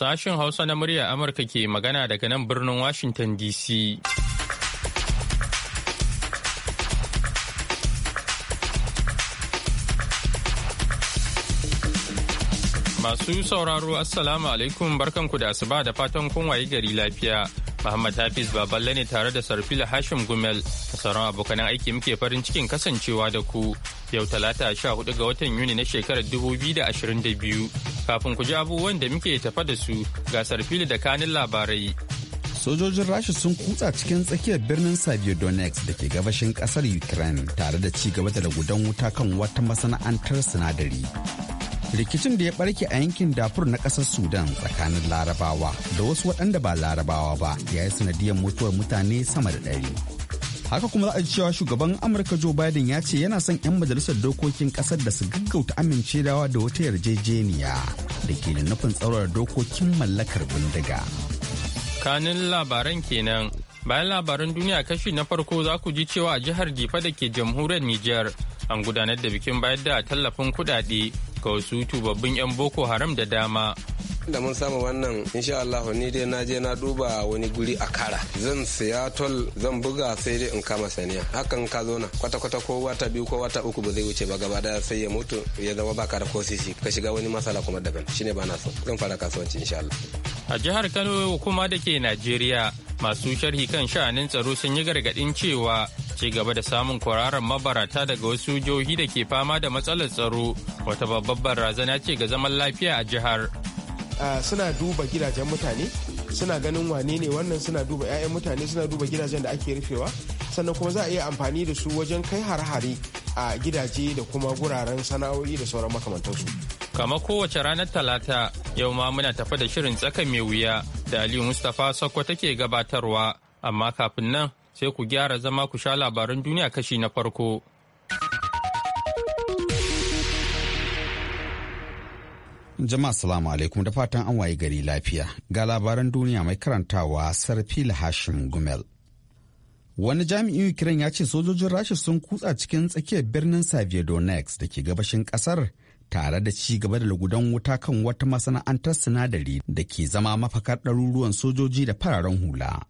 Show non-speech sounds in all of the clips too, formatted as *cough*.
Sashen Hausa na murya Amurka ke magana daga nan birnin Washington DC. Masu sauraro Assalamu alaikum barkanku da asuba da fatan kun wayi gari lafiya. Muhammad Hafiz Baballe ne tare da Sarfila Hashim Gumel sauran abokanan aiki muke farin cikin kasancewa da ku yau talata sha hudu ga watan yuni na shekarar dubu ashirin da biyu kafin ku ji abubuwan da muke tafa da su gasar fili da kanin labarai. Sojojin Rasha sun kutsa cikin tsakiyar birnin Savio Donetsk da ke gabashin kasar Ukraine tare da ci gaba da gudan wuta kan wata masana'antar sinadari. rikicin da ya barke a yankin dafur na kasar sudan tsakanin larabawa da wasu waɗanda ba larabawa ba ya yi sanadiyar mutuwar mutane sama da ɗari haka kuma za a ji cewa shugaban amurka joe biden ya ce yana son 'yan majalisar dokokin kasar da su gaggauta amince amincewa da wata yarjejeniya da ke da nufin tsaurar dokokin mallakar bindiga kanin labaran kenan bayan labaran duniya kashi na farko za ku ji cewa a jihar jifa da ke jamhuriyar nijar an gudanar da bikin bayar da tallafin kudade ga wasu tubabbin 'yan boko haram da dama da mun samu wannan insha Allah ni dai na je na duba wani guri a kara zan siya tol zan buga sai dai in kama saniya hakan ka zo na kwata kwata ko wata biyu ko wata uku ba zai wuce ba gaba daya sai ya mutu ya zama baka da kosisi ka shiga wani masala kuma daban shine ba na so zan fara kasuwanci insha Allah a jihar Kano kuma da ke Najeriya masu sharhi kan sha'anin tsaro sun yi gargadin cewa ci gaba da samun kwararan mabarata daga wasu jihohi da ke fama da matsalar tsaro wata babbar barazana ce ga zaman lafiya a jihar suna duba gidajen mutane suna ganin wane ne wannan suna duba 'ya'yan mutane suna duba gidajen da ake rufewa sannan kuma za a iya amfani da su wajen kai har-hare a gidaje da kuma guraren sana'o'i da sauran makamantarsu. kama kowace ranar talata yau ma muna tafi da shirin tsakan mai wuya da aliyu mustapha sokko take gabatarwa amma kafin nan sai ku gyara zama ku sha labaran duniya kashi na farko. Jama'a salamu alaikum da fatan an waye gari lafiya ga labaran duniya mai karantawa Sarfila Hashim Gumel. Wani jami'in Ukraine ya ce sojojin Rasha sun kutsa cikin tsakiyar birnin Saviodonex da ke gabashin kasar tare da ci gaba da lugudan wuta kan wata masana'antar sinadari da ke zama mafakar ɗaruruwan sojoji da fararen hula.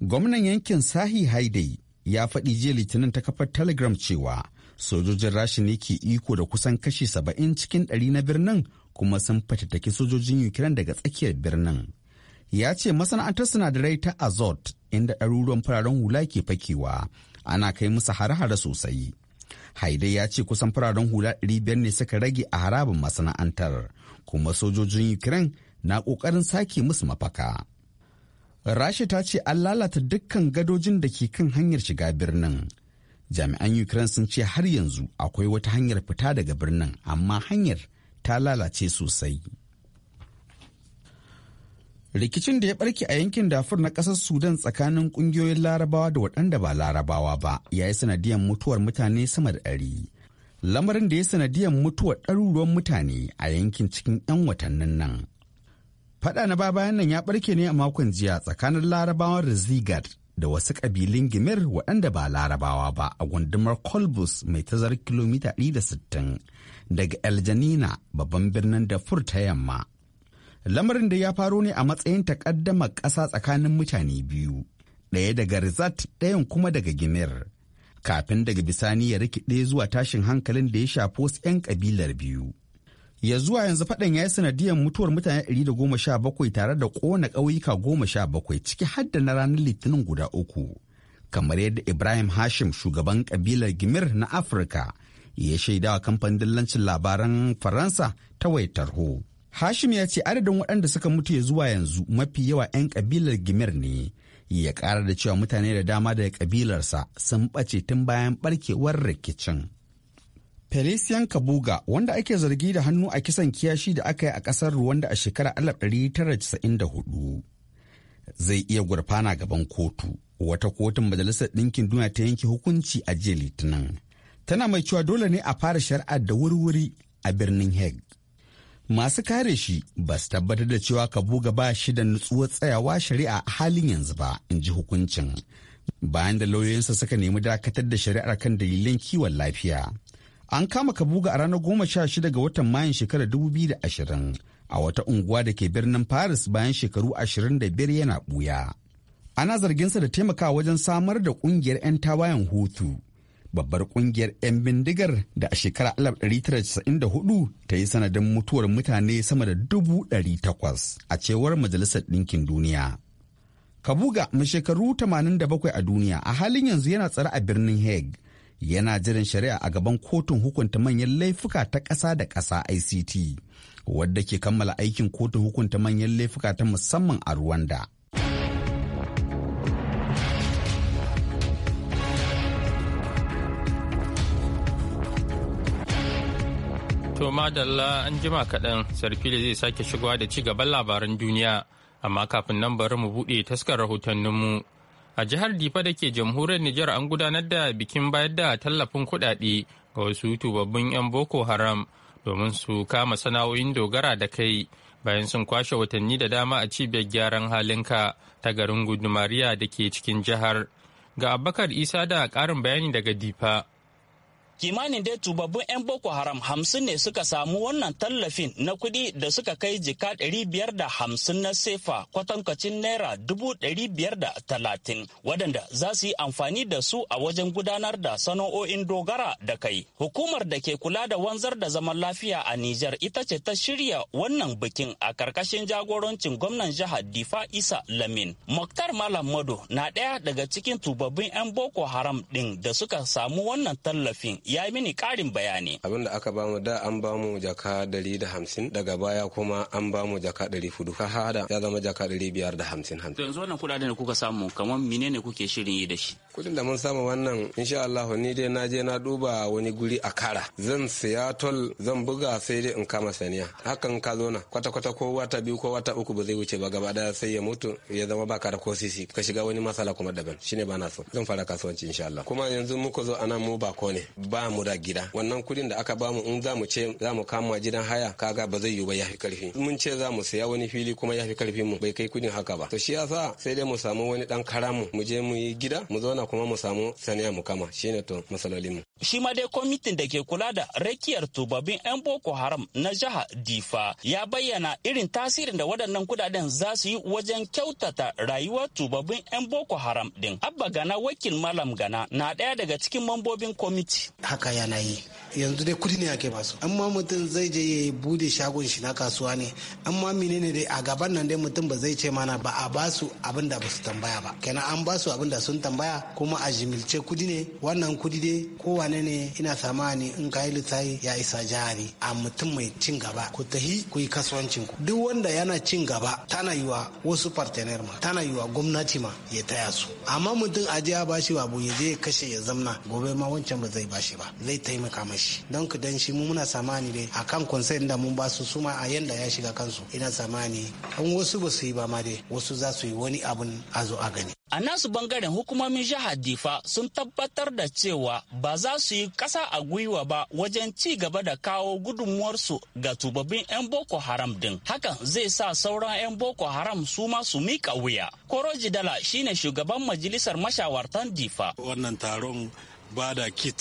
Gwamnan yankin Sahi Haidai ya faɗi jiya Litinin ta kafar Telegram cewa sojojin Rasha ne ke iko da kusan kashi saba'in cikin ɗari na birnin kuma sun fatattaki sojojin ukraine daga tsakiyar birnin ya ce masana'antar sinadarai ta azot inda ɗaruruwan fararen hula ke fakewa ana kai musu hare-hare sosai haidai ya ce kusan fararen hula 500 ne suka rage a harabin masana'antar kuma sojojin ukraine na ƙoƙarin sake musu mafaka rasha ta ce an lalata dukkan gadojin da ke kan hanyar shiga birnin jami'an ukraine sun ce har yanzu akwai wata hanyar fita daga birnin amma hanyar ta lalace sosai. Rikicin da ya barke a yankin dafur na ƙasar Sudan tsakanin ƙungiyoyin larabawa da waɗanda ba larabawa ba ya yi sanadiyar mutuwar mutane sama da ɗari. Lamarin da ya sanadiyar mutuwar ɗaruruwan mutane a yankin cikin 'yan watannin nan. Faɗa na bayan nan ya barke ne a makon jiya tsakanin larabawan da zigar da wasu ƙabilun Gimir waɗanda ba larabawa ba a gundumar Kolbus mai tazar kilomita 160 daga Janina babban birnin da ta yamma. Lamarin da ya faro ne a matsayin takaddama ƙasa tsakanin mutane biyu, ɗaya daga Rizat ɗayan kuma daga Gimir, kafin daga bisani ya rikide zuwa tashin hankalin da ya shafi wasu 'yan ƙabilar biyu. ya zuwa yanzu faɗan ya yi sanadiyar mutuwar mutane 117 tare da ƙona ƙauyuka 17 ciki har da na ranar litinin guda uku kamar yadda ibrahim hashim shugaban kabilar gimir na afirka ya shaidawa kamfanin dillancin labaran faransa ta wayar tarho hashim ya ce adadin waɗanda suka mutu ya zuwa yanzu mafi yawa 'yan kabilar gimir ne ya ƙara da cewa mutane da dama daga kabilarsa sun ɓace tun bayan ɓarkewar rikicin. Felician Kabuga wanda ake zargi da hannu a kisan kiyashi da aka yi a ƙasar ruwanda a shekarar 1994 zai iya gurfana gaban kotu wata kotun majalisar ɗinkin duniya ta yanke hukunci a jiya litinin tana mai cewa dole ne a fara shari'ar da wurwuri a birnin heg. masu kare shi ba su tabbatar da cewa kabuga ba shi da nutsuwar tsayawa shari'a a halin yanzu ba in ji hukuncin bayan da lauyoyinsa suka nemi dakatar da shari'ar kan dalilin kiwon lafiya An kama Kabuga a ranar goma sha shida ga watan Mayan shekara dubu biyu da ashirin a wata unguwa da ke birnin Paris bayan shekaru ashirin da biyar yana buya. Ana zarginsa da taimakawa wajen samar da ƙungiyar 'yan tawayen hutu. Babbar ƙungiyar 'yan bindigar da a shekarar 1994 ta yi sanadin mutuwar mutane sama da dubu ɗari takwas a cewar Majalisar Ɗinkin Duniya. Kabuga mai shekaru 87 a duniya a halin yanzu yana tsare a birnin Hague yana jiran shari'a a gaban kotun hukunta manyan laifuka ta ƙasa da ƙasa ICT wadda ke kammala aikin kotun hukunta manyan laifuka ta musamman a Rwanda. To madalla an jima kaɗan sarfili zai sake shigowa da ci gaban labaran duniya amma kafin nan bari mu buɗe taskar rahotanninmu. A jihar Difa da ke jamhuriyar Nijar an gudanar da bikin bayar da tallafin kuɗaɗe ga wasu tubabbin 'yan Boko Haram domin su kama sana'o'in dogara da kai bayan sun kwashe watanni da dama a cibiyar gyaran halinka ta garin gudumariya da ke cikin jihar. Ga Abubakar Isa da karin bayani daga Difa. kimanin dai tubabbin 'yan boko haram hamsin ne suka samu wannan tallafin na kuɗi da suka kai jika ɗari biyar da hamsin na sefa kwatankwacin naira dubu ɗari biyar da talatin waɗanda za su yi amfani da su a wajen gudanar da sana'o'in dogara da kai hukumar da ke kula da wanzar da zaman lafiya a nijar ita ce ta shirya wannan bikin a karkashin jagorancin gwamnan jihar difa isa lamin muktar malam mado na ɗaya daga cikin tubabbin 'yan boko haram ɗin da suka samu wannan tallafin ya mini karin bayani. Abin da aka bamu da an bamu jaka dari da hamsin daga baya kuma an bamu jaka dari hudu ka hada ya zama jaka dari biyar da hamsin hamsin. Yanzu wannan kuɗaɗen da kuka samu kamar mine menene kuke shirin yi da shi? Kuɗin da mun samu wannan insha Allah ni dai na je na duba wani guri a kara zan siya tol zan buga sai dai in kama saniya hakan ka zo na kwata kwata ko wata biyu ko wata uku ba zai wuce ba gaba daya sai ya mutu ya zama baka da ko sisi ka shiga wani masala kuma daban shine ba na so zan fara kasuwanci insha Allah kuma yanzu muka zo anan mu ko ne ba mu da gida wannan kudin da aka bamu in za mu ce za mu kama gidan haya kaga ba zai yi ba yafi karfi mun ce za mu saya wani fili kuma yafi karfi mu bai kai kudin haka ba to shi yasa sai dai mu samu wani dan karamu mu je mu yi gida mu zauna kuma mu samu saniya mu kama shine to masalolin mu shi ma dai kwamitin da ke kula da rakiyar tubabin yan boko haram na jiha difa ya bayyana irin tasirin da waɗannan kudaden za su yi wajen kyautata rayuwar tubabin yan boko haram din abba gana wakil malam gana na ɗaya daga cikin mambobin kwamiti haka yana yi yanzu dai kudi ne ake basu amma mutum zai je ya bude shagon shi na kasuwa ne amma menene dai a gaban nan dai mutum ba zai ce mana ba a basu abin da basu tambaya ba kenan an basu abin da sun tambaya kuma a jimilce kudi ne wannan kudi dai kowane ne ina samani in kayi litsayi ya isa jari a mutum mai cin gaba ku tahi ku yi kasuwancin ku duk wanda yana cin gaba tana yiwa wasu partner ma tana yiwa gwamnati ma ya taya su amma mutum a je ya bashi abu ya je ya kashe ya zamna gobe ma wancan ba zai bashi shi ba zai taimaka mashi don ku dan shi mu muna samani ne a kan konsayin da mun ba su suma a yanda ya shiga kansu ina samani an wasu ba su yi ba ma dai wasu za su yi wani abun a zo a gani A nasu bangaren hukumomin jihar Difa sun tabbatar da cewa ba za su yi kasa a gwiwa ba wajen ci gaba da kawo gudunmuwarsu ga tubabin 'yan Boko Haram din. Hakan zai sa sauran 'yan Boko Haram su ma su mika wuya. Koroji Dala shine shugaban majalisar mashawartan Difa. Wannan taron bada kit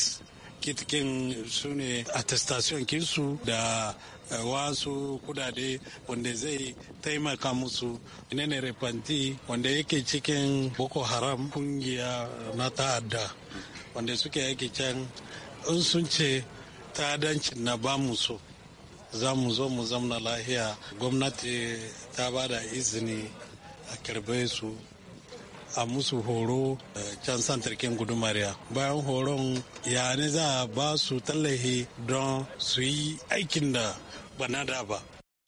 kitkin su ne attestation kinsu da eh, wasu kudade wanda zai taimaka musu ne repanti. wanda yake cikin boko haram kungiya na ta'adda wanda suke yake can in sun ce ta'adancin na ba su. za mu zo mu zamna lahiya gwamnati ta ba da izini a karbe su a musu horo eh, can santarkin gudumariya bayan horon ya ne za a ba su tallahi don su yi aikin da bana da ba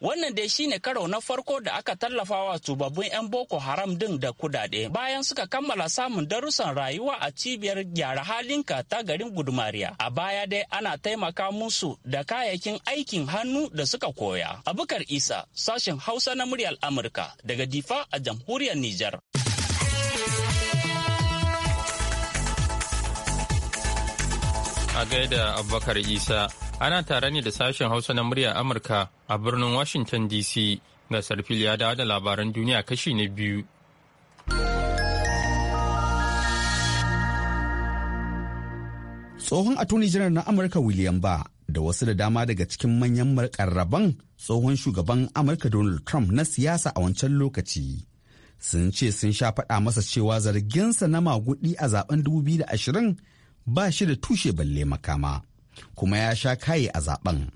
Wannan dai shine karo na farko da aka tallafa wa tubabbin 'yan Boko Haram din da kudade bayan suka kammala samun darussan rayuwa a cibiyar gyara halinka ta garin Gudumariya. A baya dai ana taimaka musu da kayayyakin aikin hannu da suka koya. Abukar Isa, sashen Hausa na muryar Amurka daga Difa a jamhuriyar Nijar. A gaida Abubakar Isa, ana tare ne da sashen Hausa na murya Amurka a birnin Washington DC ga sarfil ya dawo da labaran duniya kashi na biyu. Tsohon Attorney General na Amurka William ba da wasu da dama daga cikin manyan rabon tsohon shugaban Amurka Donald Trump na siyasa a wancan lokaci. Sun ce sun sha faɗa masa cewa zarginsa na magudi a zaben 2020 ba shi da tushe balle makama kuma ya sha kaye a zaben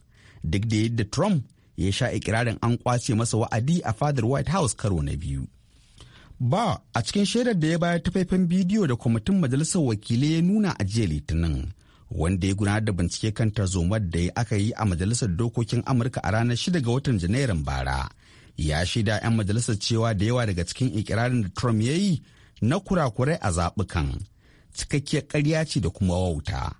duk da yadda trump ya sha ikirarin an kwace masa wa'adi a fadar white house karo na biyu ba a cikin shaidar da ya bayar ta faifan bidiyo da kwamitin majalisar wakilai ya nuna a jiya litinin wanda ya gudanar da bincike kan tarzomar da ya aka yi a majalisar dokokin amurka a ranar 6 ga watan janairun bara ya shaida 'yan majalisar cewa da yawa daga cikin ikirarin da trump ya yi na kurakurai a zaɓukan cikakkiyar karya ce da kuma wauta.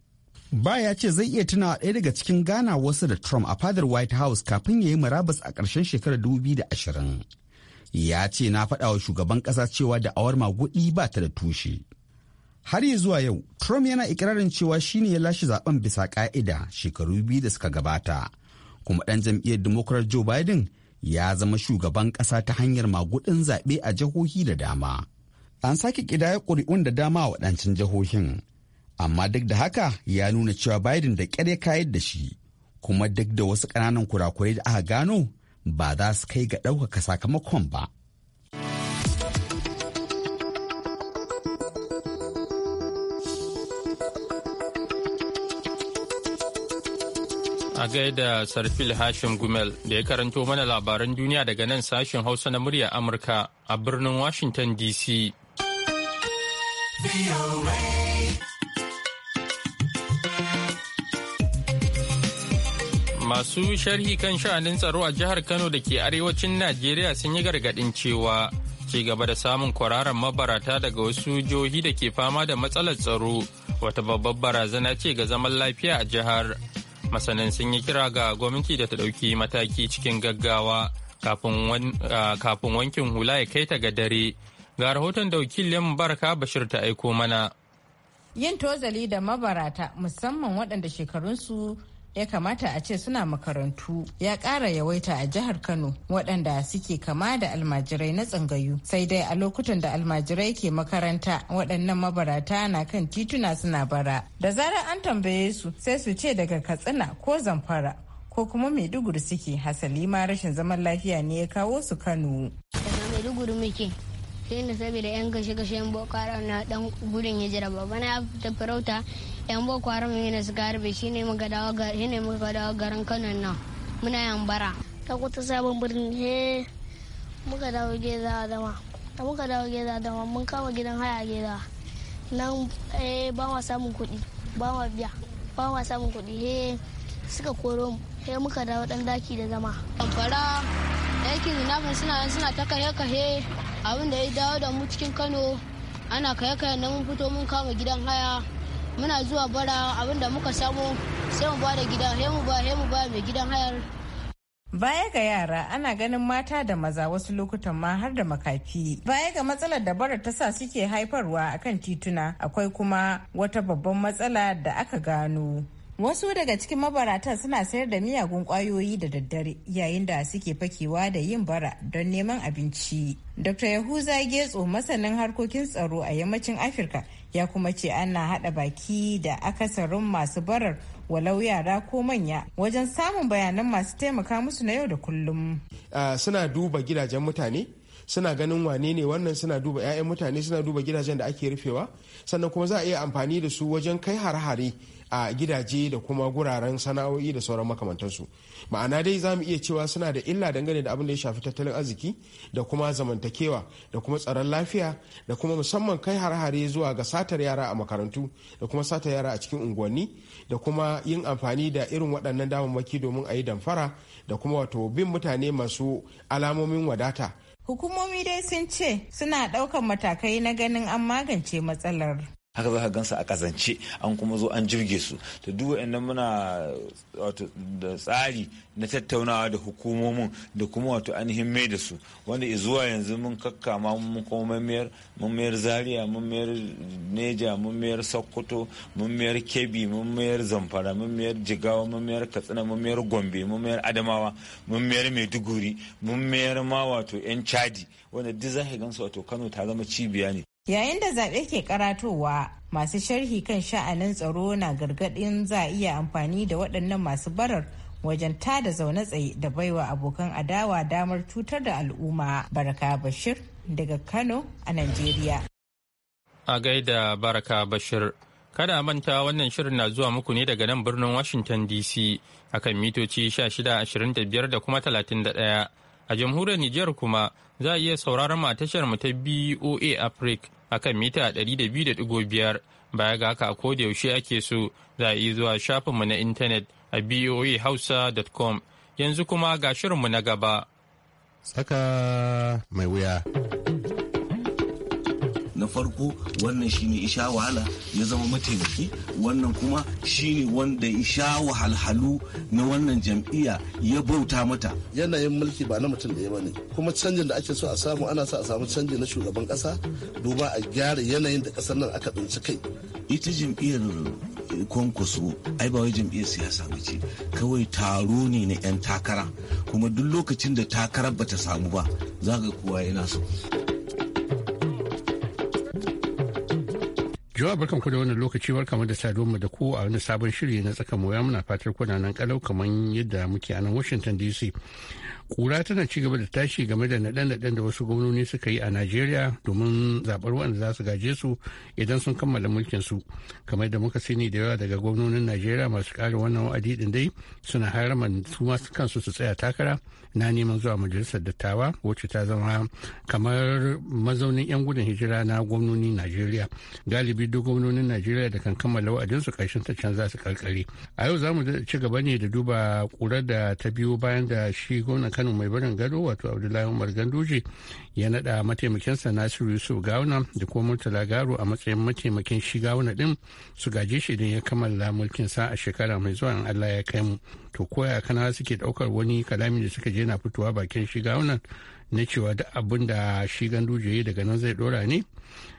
Ba ya ce zai iya tunawa ɗaya daga cikin gana wasu da Trump a fadar White House kafin ya yi murabus a ƙarshen shekarar 2020. Ya ce na faɗa wa shugaban ƙasa cewa da awar maguɗi ba ta da tushe. Har yi zuwa yau, Trump yana ikirarin cewa shi ne ya lashe zaben bisa ƙa'ida shekaru biyu da suka gabata. Kuma ɗan jam'iyyar Democrat Joe Biden ya zama shugaban ƙasa ta hanyar magudin zaɓe a jihohi da dama. an sake ƙidaya ƙuri'un da dama a waɗancan jihohin amma duk da haka ya nuna cewa biden da ƙyar ya kayar da shi kuma duk da wasu ƙananan kurakurai da aka gano ba za su kai ga ɗaukaka sakamakon ba a gaida sarfil hashim gumel da ya karanto mana labaran duniya daga nan sashen hausa na murya amurka a birnin washington dc Masu sharhi kan sha'anin tsaro a jihar Kano da ke arewacin Najeriya sun yi gargaɗin cewa ci gaba da samun kwararan mabarata daga wasu jihohi da ke fama da matsalar tsaro wata babbar barazana ce ga zaman lafiya a jihar. Masanin sun yi kira ga gwamnati da ta ɗauki mataki cikin gaggawa kafin wankin hula ya kai ta ga dare Ga rahoton da wakilin Barka Bashir ta aiko mana. Yin tozali da mabarata musamman waɗanda shekarunsu ya kamata a ce suna makarantu ya ƙara yawaita a jihar kano waɗanda suke kama da almajirai na tsangayu sai dai a lokutan da almajirai ke makaranta waɗannan mabarata na kan tituna suna bara da zarar an tambaye su sai su ce daga katsina ko zamfara ko kuma maiduguri suke hasali ma rashin zaman lafiya ne ya kawo su kano daga maiduguri muke tunda saboda yan gashe yan boko haram na dan gudun hijira bana ya fita farauta yan boko haram ne suka harbe shine muka dawo shine muka dawo garin Kano nan muna yan bara ta kuta sabon birni he eh, muka dawo geza dama da muka dawo geza dama mun kama gidan haya geza nan eh, ba ma samun kuɗi ba ma biya ba ma samun kuɗi he eh, suka koro mu he muka dawo dan daki da zama fara yakin zinafin suna suna ta kahe kahe abin da ya dawo da mu cikin kano ana kai na mun fito mun kama gidan haya muna zuwa bara abin da muka samu sai mu ba da gida he mu ba he mu ba mai gidan hayar Baya ga yara ana ganin mata da maza wasu lokutan ma har da makafi. Baya ga matsalar da bara ta sa suke haifarwa akan tituna akwai kuma wata babban matsala da aka gano. Wasu daga cikin mabaratan suna sayar da miyagun kwayoyi da daddare yayin da suke fakewa da yin bara don neman abinci. Dr. Yahuza Getso masanin harkokin tsaro a yammacin Afirka ya kuma ce ana haɗa baki da akasarin masu barar walau yara ko manya wajen samun bayanan masu taimaka musu na yau da kullum. Uh, suna duba gidajen mutane suna ganin wane ne wannan suna duba 'ya'yan mutane suna duba gidajen da ake rufewa sannan kuma za a iya amfani da su wajen kai har-hare a gidaje da kuma guraren sana'o'i da sauran makamantansu ma'ana dai za mu iya cewa suna da illa dangane da abin da ya shafi tattalin arziki da kuma zamantakewa da kuma tsaron lafiya da kuma musamman kai har-hare zuwa ga satar yara a makarantu da kuma satar yara a cikin unguwanni da kuma yin amfani da irin waɗannan damammaki domin a yi damfara da kuma wato bin mutane masu alamomin wadata Hukumomi dai sun ce suna ɗaukan matakai na ganin an magance matsalar. haka za ka gansu a kazance an kuma zo an jirge su ta duk wa'annan muna da tsari na tattaunawa da hukumomin da kuma wato ainihin mai da su wanda zuwa yanzu mun kakkama mun kuma mamayar mamayar zaria mamayar neja mamayar sokoto mamayar kebbi mamayar zamfara mamayar jigawa mamayar katsina mamayar gombe mamayar adamawa mamayar maiduguri mamayar ma wato yan chadi wanda duk za ka gansu wato kano ta zama cibiya ne Yayin da zaɓe ke karatowa, masu sharhi kan sha'anin tsaro na gargaɗin za a iya amfani da waɗannan masu barar wajen tada zaune tsaye da baiwa abokan adawa damar cutar da al'umma. Baraka Bashir daga Kano a Najeriya. A gaida Baraka Bashir. Kada manta wannan shirin na zuwa muku ne daga nan birnin Washington DC akan mitoci 1625 da kuma 31. A jamhuriyar niger kuma za a iya sauraron mu ta BOA Africa akan mita 200.5 baya ga haka a yaushe ake so za a yi zuwa shafinmu na intanet a boahausa.com yanzu kuma ga shirinmu na gaba. Saka mai wuya. na farko wannan shine isha wahala ya zama mataimaki wannan kuma shine wanda isha wahalhalu na wannan jam'iyya ya bauta mata yanayin mulki ba na mutum ɗaya bane kuma canjin da ake so a samu ana sa a samu canji na shugaban ƙasa duba a gyara yanayin da ƙasar nan aka tsinci kai ita jam'iyyar kwankwaso ai ba wai jam'iyyar siyasa ba ce kawai taro ne na 'yan takara kuma duk lokacin da takarar bata samu ba za ga kowa yana so. Jawa barkan ku da wannan lokaci kamar da mu da ku a wani sabon shiri na tsaka moya muna fatar kuna nan kalau kamar yadda muke a nan Washington DC. Kura tana ci gaba da tashi game da naɗe-naɗen da wasu gwamnoni suka yi a Najeriya domin zaɓar wanda za su gaje su idan sun kammala mulkin su. Kamar da muka sani da yawa daga gwamnonin Najeriya masu ƙara wannan wa'adi ɗin dai suna haraman su masu kansu su tsaya takara na neman zuwa majalisar dattawa wacce ta zama kamar mazaunin 'yan gudun hijira na gwamnonin najeriya galibi duk gwamnonin najeriya da kan kammala wa'adinsu karshen ta can za su karkare a yau za mu ci gaba ne da duba kurar da ta biyo bayan da shi gwamnan kano mai barin gado wato abdullahi umar ganduje ya naɗa mataimakinsa nasiru yusuf gawuna da kuma murtala garo a matsayin mataimakin shi gawuna din su gaje shi idan ya kammala mulkinsa a shekara mai zuwa in allah ya kai mu to koya kana suke ɗaukar wani kalami da suka je yana fitowa bakin shiga wannan na cewa duk abin da shi ganduje yi daga nan zai dora ne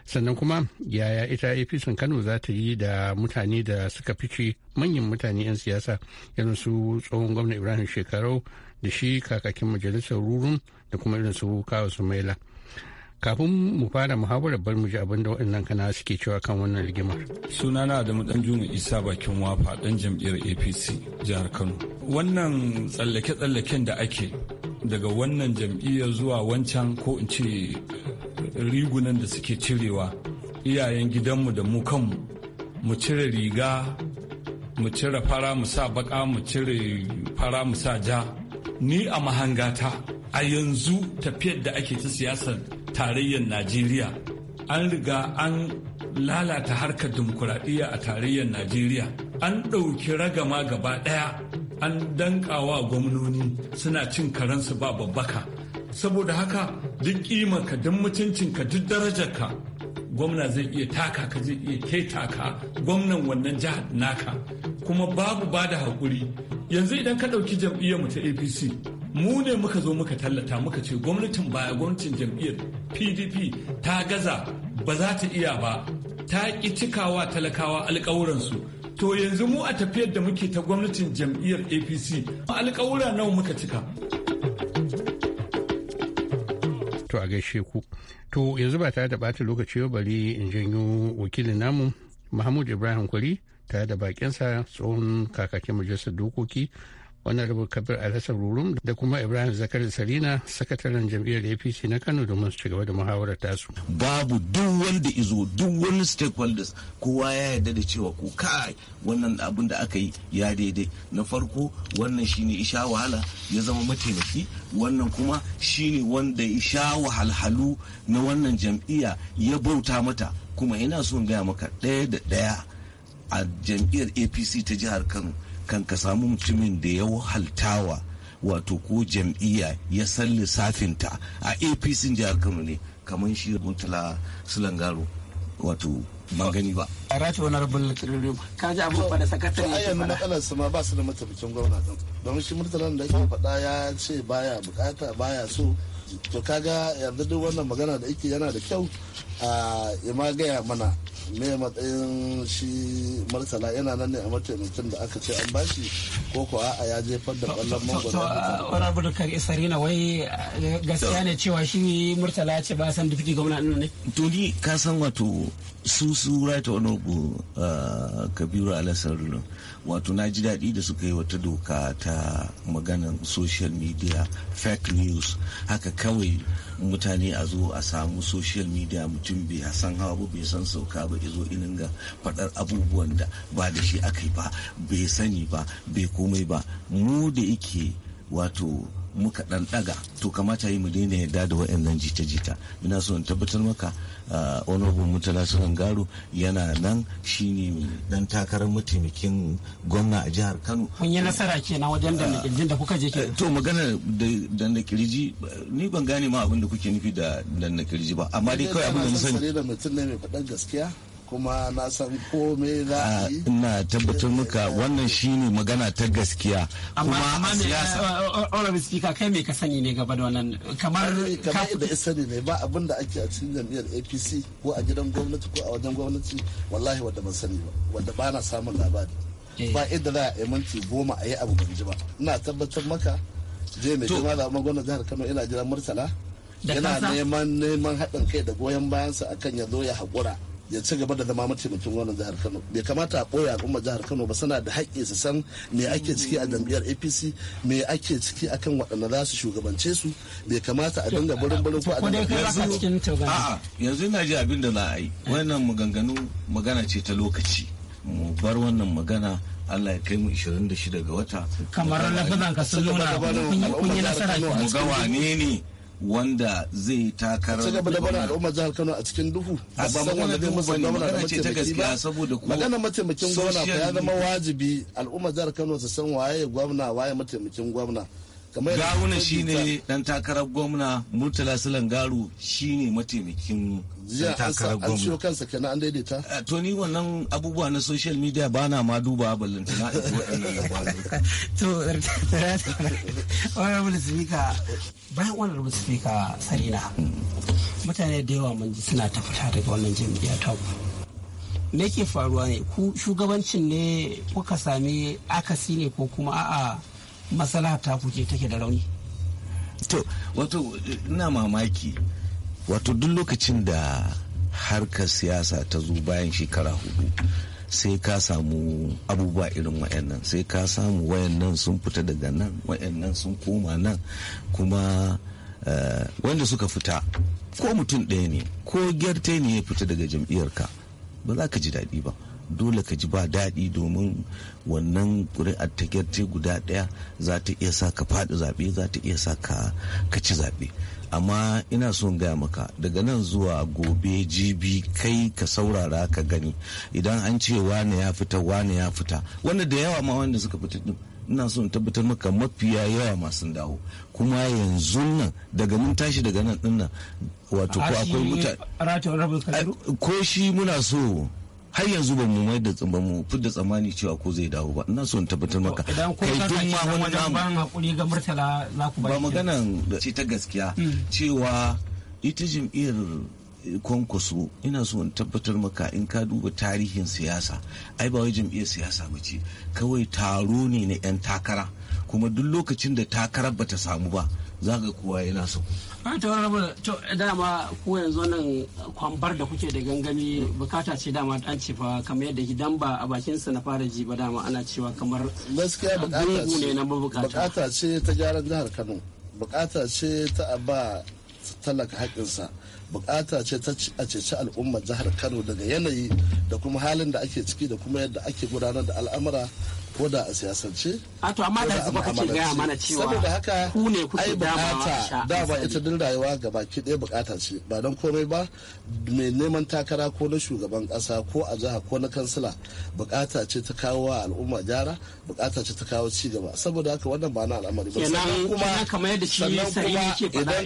sannan kuma yaya ita apc kano za ta yi da mutane da suka fice manyan mutane 'yan siyasa irin su tsohon gwamna ibrahim shekarau da shi kakakin majalisar rurun da kuma irin su kawo sumaila kafin mu fara muhawarar bar mu ji abin da waɗannan kana suke cewa kan wannan rigimar. sunana da dan juma isa bakin wafa dan jam'iyyar apc jihar kano wannan tsallake-tsallaken da ake daga wannan jam'iyyar zuwa wancan ko in ce rigunan da suke cirewa iyayen gidanmu da mu kanmu mu cire riga mu cire fara mu sa baka mu cire fara mu sa ja ni a mahangata a yanzu tafiyar da ake ta siyasar tarayyar najeriya an riga an lalata harkar dimokuraɗiyya a tarayyar najeriya an ɗauki ragama gaba ɗaya an dankawa gwamnoni suna cin karansu ba babbaka saboda haka duk ƙimarka duk ka duk ka gwamna zai iya taka ka zai iya kai taka gwamnan wannan jihar naka kuma babu ba da haƙuri yanzu idan ka ɗauki jam'iyyar mu ta apc mu ne muka zo muka tallata muka ce gwamnatin baya gwamnatin jam'iyyar pdp ta gaza ba za ta iya ba ta ki cikawa talakawa alƙawuransu to yanzu mu a tafiyar da muke ta gwamnatin jam'iyyar apc alƙawura nawa muka cika to a gaishe ku to yanzu ba tare da bata lokaci ba bari in janyo wakilin namu mahmud ibrahim kwari tare da bakinsa tsohon kakakin majalisar dokoki honorable kabir alhassan rurum da kuma ibrahim zakari salina sakataren jam'iyyar apc na kano domin su ci gaba da muhawarar tasu babu duk wanda izo duk wani stakeholders kowa ya yarda da cewa ko kai wannan abin da aka yi ya daidai na farko wannan shine isha wahala ya zama mataimaki wannan kuma shine wanda isha wahalhalu na wannan jam'iyya ya bauta mata kuma ina son gaya maka ɗaya da ɗaya a jam'iyyar apc ta jihar kano kan ka samu mutumin da ya haltawa wato ko jam'iyya ya san lissafinta a apc jihar kano ne kamar shi murtala sulangaro wato magani ba. A rati wani rabin littattafai ka ji abubuwa da sakatare ya faɗa. matsalar su ma ba su da mataimakin gwamna kan domin shi Murtala da yake faɗa ya ce baya bukata baya so to kaga yanzu duk wannan magana da yake yana da kyau a ya ma gaya mana me matsayin shi marsala yana nan ne a mataimakin da aka ce an bashi ko ko a ya jefar da kwallon mangwaro wani abu da kare sarina wai eh, gaskiya ne cewa shi murtala ce ba san dufiti gwamna nan ne to ni ka san wato su su right honorable eh, kabiru alasarulu wato na ji daɗi da suka yi wata doka ta maganan social media fake news haka kawai mutane a zo a samu social media mutum bai san hawa ba bai san sauka ba izo inin ga faɗar abubuwan da ba da shi aka yi ba bai sani ba bai komai ba mu da ike wato muka dan daga to kamata yi mu daina yadda da waɗannan jita-jita ina so in tabbatar maka uh, honorable mutala garo yana nan shine dan takarar mataimakin gwamna a jihar kano kun yi nasara kenan wajen da uh, kirjin da kuka je ke to magana da da kirji ni ban gane ma abin da kuke nufi da da kirji ba amma dai kawai abin da na sani da mutum ne mai faɗan gaskiya kuma na san kome za a yi ah, ina tabbatar muka wannan shine magana ta gaskiya kuma siyasa honorable speaker kai me ka sani ne gaba da wannan kamar kamar da sani ne ba abin da ake a cikin jami'ar APC ko a gidan gwamnati ko a wajen gwamnati wallahi wanda ban sani ba wanda ba na samun labari eh. ba inda za a yi minti goma a yi abu ban ji ba ina tabbatar maka je mai jima da gwamnati jihar Kano ina jiran Murtala yana neman neman haɗin kai da goyon bayansa akan ya zo ya haƙura ya ci gaba da zama mataimakin gwamnan jihar kano bai kamata a a kuma jihar kano ba suna da haƙƙi su san me ake ciki a jam'iyyar apc me ake ciki akan waɗanda za su shugabance su bai kamata a dinga barin barin ko a dinga yanzu yanzu na ji abin da na yi wannan maganganu magana ce ta lokaci mu bar wannan magana Allah ya kai mu 26 ga wata kamar lafazan ka sun nuna kun yi nasara mu ga wane ne wanda zai takarar da gaba da bana al'ummar jihar Kano a cikin duhu a ba wanda zai musu gwamna da mataimakin gaskiya saboda ko magana mataimakin gwamna ya zama wajibi al'ummar jihar Kano su san waye gwamna waye mataimakin gwamna gawuna ne dan takarar gwamna murtala silan garu ne mataimakin dan takarar gwamna an kansa kenan an daidaita eh, to ni wannan abubuwa na social media ba na ma duba ballanta na ɗauki waɗannan labarai *laughs* to honorable speaker bayan honorable speaker sarina mutane da yawa mun ji suna ta fita daga wannan jami'a ta ku. me ke faruwa ne ku shugabancin ne kuka sami akasi ne ko kuma a'a Masala ta kuke take da rauni to wato ina mamaki wato duk lokacin da harkar siyasa ta zo bayan shekara hudu sai ka samu abubuwa irin wayannan sai ka samu wayannan sun fita daga nan wayannan sun koma nan kuma uh, wanda suka fita ko mutum ɗaya ne ko gyarta ne ya fita daga jam'iyyarka ba za ka ji daɗi ba dole ka ji ba daɗi domin wannan ƙuri'ar ta gerce guda ɗaya za ta iya sa ka faɗi zaɓe za ta iya sa ka ci zaɓe amma ina son gaya maka daga nan zuwa gobe jibi kai ka saurara ka gani idan an ce wane ya fita wane ya fita wanda da yawa ma wanda suka fita din ina son tabbatar maka mafiya yawa masu dawo kuma yanzu nan daga mun tashi daga nan din nan wato ko akwai mutane ko shi muna so har yanzu ba mu mai da tsamba mu da tsammani cewa ko zai dawo ba ina so tabbatar maka kai duk ma wani namu ba maganan ce ta gaskiya hmm. cewa ita jam'iyyar kwankwaso ina so in tabbatar maka in ka duba tarihin siyasa ai ba wai jam'iyyar siyasa ba ce kawai taro ne na 'yan takara kuma duk lokacin da takarar ta samu ba za ga kowa yana so to dama ku yanzu nan kwambar da kuke da gangami bukata ce dama an ce fa kamar yadda gidan ba a bakin sa na fara ji ba dama ana cewa kamar gaskiya bukata ce bukata ce ta gyaran jihar Kano bukata ce ta ba talaka sa bukata ce ta a ceci al'ummar jihar kano daga yanayi da kuma halin da ake ciki da kuma yadda ake gudanar da al'amura ko da a siyasance a to amma da zuba kake gaya mana cewa saboda haka ku ne kuke da ba ita din rayuwa gaba baki ɗaya bukata ce ba don komai ba mai neman takara ko na shugaban kasa ko a jiha ko na kansila bukata ce ta kawo wa al'umma gyara bukata ce ta kawo ci gaba saboda haka wannan ba na al'amari ba sannan kuma kamar yadda shi sai yake faɗa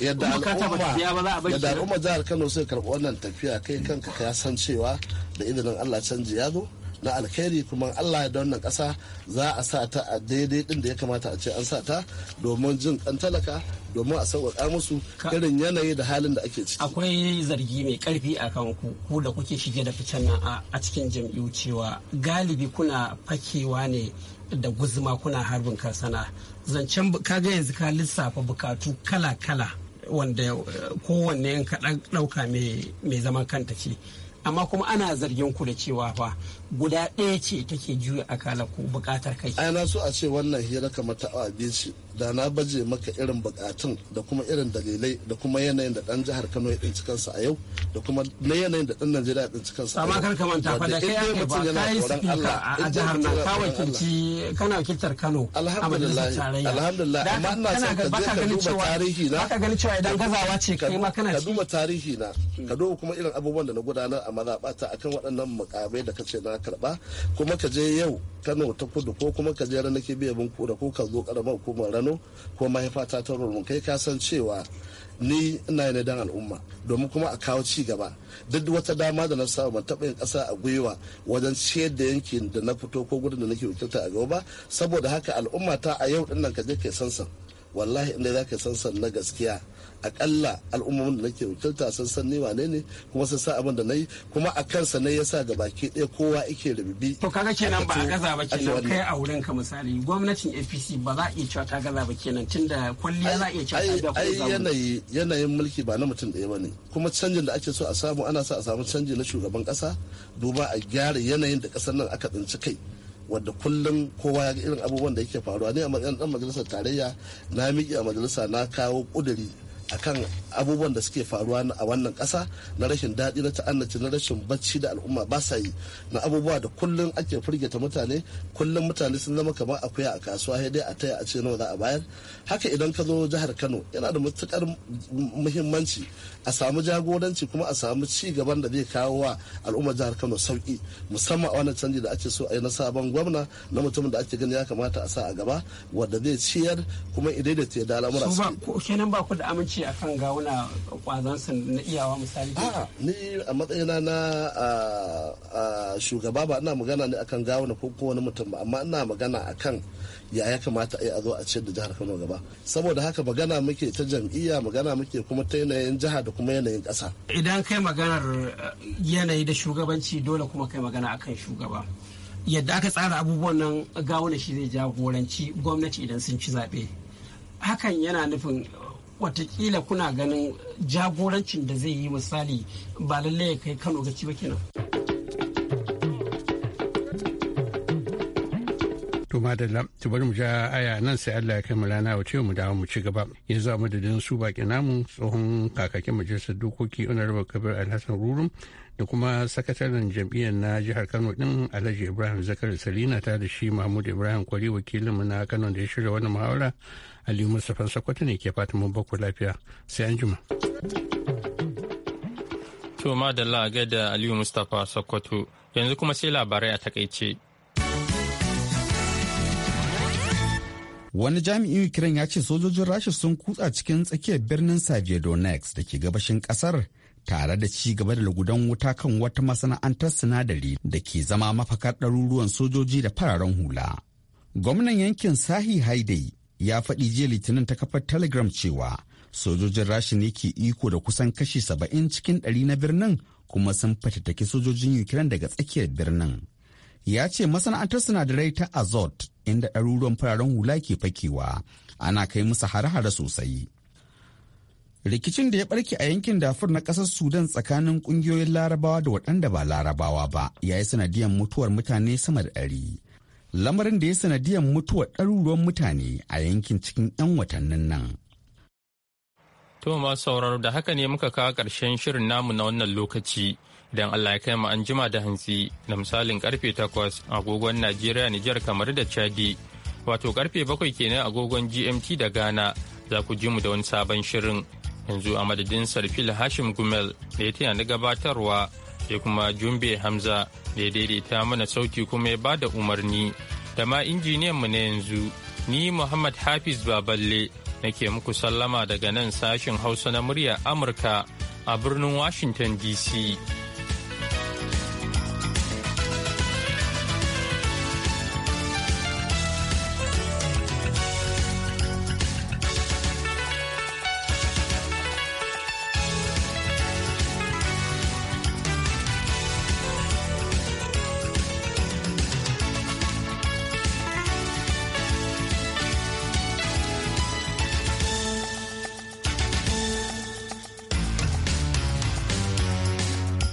idan ka al'umma yadda al'umma yadda al'umma jihar Kano sai karɓi wannan tafiya kai kanka ka san cewa da idanun Allah canji ya zo na alkhairi kuma allah ya da wannan ƙasa za a sa ta a daidai din da ya kamata a ce an sa ta domin jin kan talaka domin a sauƙaƙa musu irin yanayi da halin da ake ciki. Akwai zargi mai karfi a kan ku ku da kuke shige da ficen nan a cikin jam'iyyu cewa galibi kuna fakewa ne da guzuma kuna harbin karsana. Zancen kaga yanzu ka lissafa bukatu kala-kala wanda eh, kowanne in ka ɗauka mai zaman kanta ce. amma kuma ana zargin ku da cewa fa guda ɗaya ce take juya akala ku buƙatar kai. Ai na so a ce wannan hira kamar ta abinci da na baje maka irin bukatun da kuma irin dalilai da kuma yanayin da dan jihar Kano ya tsinci kansa a yau da kuma na yanayin da dan Najeriya ya tsinci kansa a yau. Amma kar ka manta fa da kai ake ba kai speaker a jihar nan ka wakilci kana wakiltar Kano. Alhamdulillah alhamdulillah amma ina son ka je ka duba tarihi na. Baka ganin cewa idan gazawa ce kai ma kana Ka duba tarihi na hmm. ka duba kuma irin abubuwan da na gudanar a mazaɓata akan waɗannan mukamai da kace na karba kuma ka je yau Kano ta kudu ko kuma ka je ranake biya bin kura ko ka zo karamar hukumar Kano ko mahaifata ta mun kai ka san cewa ni ina yana dan al'umma domin kuma a kawo ci gaba duk wata dama da na samu ban taɓa yin ƙasa a gwiwa wajen ciyar da yankin da na fito ko gudun da nake wakilta a gaba saboda haka al'umma ta a yau ɗin nan ka je ke san wallahi inda za ka sansan na gaskiya akalla al'ummomin da nake wakilta sun san ne wane ne kuma sun san abin da na yi kuma a kansa ne yasa ga baki ɗaya kowa yake rububi. to kaga kenan ba a gaza ba kenan kai a wurin ka misali gwamnatin apc ba za a iya cewa ta gaza ba kenan tunda kwalliya za a iya cewa ta gaza ai yanayi yanayin mulki ba na mutum ɗaya bane kuma canjin da ake so a samu ana so a samu canji na shugaban ƙasa duba a gyara yanayin da ƙasar nan aka tsinci kai wadda kullum kowa ya ga irin abubuwan da yake faruwa ne a majalisar tarayya na miƙe a majalisa na kawo ƙuduri akan abubuwan da suke faruwa a wannan kasa na rashin daɗi na ta'annaci na rashin bacci da al'umma ba sa yi na abubuwa da kullum ake firgita mutane kullum mutane sun zama kamar akuya a kasuwa sai a taya a ce nawa za a bayar haka idan ka zo jihar Kano yana da matukar muhimmanci a samu jagoranci kuma a samu ci gaban da zai kawo wa al'umma jihar Kano sauki musamman a wannan canji da ake so a yi na sabon gwamna na mutumin da ake gani ya kamata a sa a gaba wanda zai ciyar kuma idai da ta yi dalamura su kenan ba ku da aminci ci kan gawuna kwazansu na iyawa misali a ni a matsayina na shugaba ba ina magana ne akan gawuna ko wani mutum ba amma ina magana akan ya ya kamata a zo a ciyar da jihar Kano gaba saboda haka magana muke ta jam'iyya magana muke kuma ta yanayin jiha da kuma yanayin kasa. idan kai maganar eh, yanayi da shugabanci dole kuma kai magana akan shugaba yadda aka tsara abubuwan nan gawuna shi zai jagoranci gwamnati idan sun ci zaɓe hakan yana nufin watakila kuna ganin jagorancin da zai yi misali ba lallai ya kai kano gaci ba kenan. madalla ta bari mu ja aya nan sai Allah ya kai mu rana wace mu dawo mu ci gaba yanzu a madadin su baki namu tsohon kakakin majalisar dokoki honorable kabir alhassan rurum da kuma sakataren jam'iyyar na jihar kano din alhaji ibrahim zakar salina ta da shi mahmud ibrahim kwari wakilinmu na kano da ya shirya wannan muhawara aliyu mustapha sokoto ne ke fatan mun baku lafiya sai an jima. to madalla ga da aliyu mustafa sakwato yanzu kuma sai labarai a takaice. wani jami'in ukraine ya ce sojojin rasha sun kutsa cikin tsakiyar birnin saviodonex da ke gabashin kasar tare da ci gaba da lagudan wuta kan wata masana'antar sinadari da ke zama mafakar ɗaruruwan sojoji da fararen hula gwamnan yankin sahi haidai ya faɗi jiya litinin ta kafar telegram cewa sojojin rasha ne ke iko da kusan kashi saba'in cikin ɗari na birnin kuma sun fatattaki sojojin ukraine daga tsakiyar birnin ya ce masana'antar sinadarai ta azot inda ɗaruruwan fararen hula ke fakewa ana kai musu hare-hare sosai rikicin da ya barke a yankin dafur na ƙasar sudan tsakanin ƙungiyoyin larabawa da waɗanda ba larabawa ba ya yi sanadiyar mutuwar mutane sama da ɗari lamarin da ya sanadiyar mutuwar ɗaruruwan mutane a yankin cikin 'yan watannin nan To sauraro da haka ne muka kawo ƙarshen shirin namu na wannan lokaci idan Allah ya kai an jima da hantsi da misalin karfe takwas agogon Najeriya Nijar kamar da Chadi wato karfe bakwai kenan agogon GMT da Ghana za ku ji mu da wani sabon shirin yanzu a madadin Sarfil Hashim Gumel da ya tana na gabatarwa sai kuma Jumbe Hamza da ya daidaita mana sauti kuma ya bada umarni da ma injiniyan mu na yanzu ni Muhammad Hafiz Baballe nake muku sallama daga nan sashin Hausa na murya Amurka a birnin Washington DC.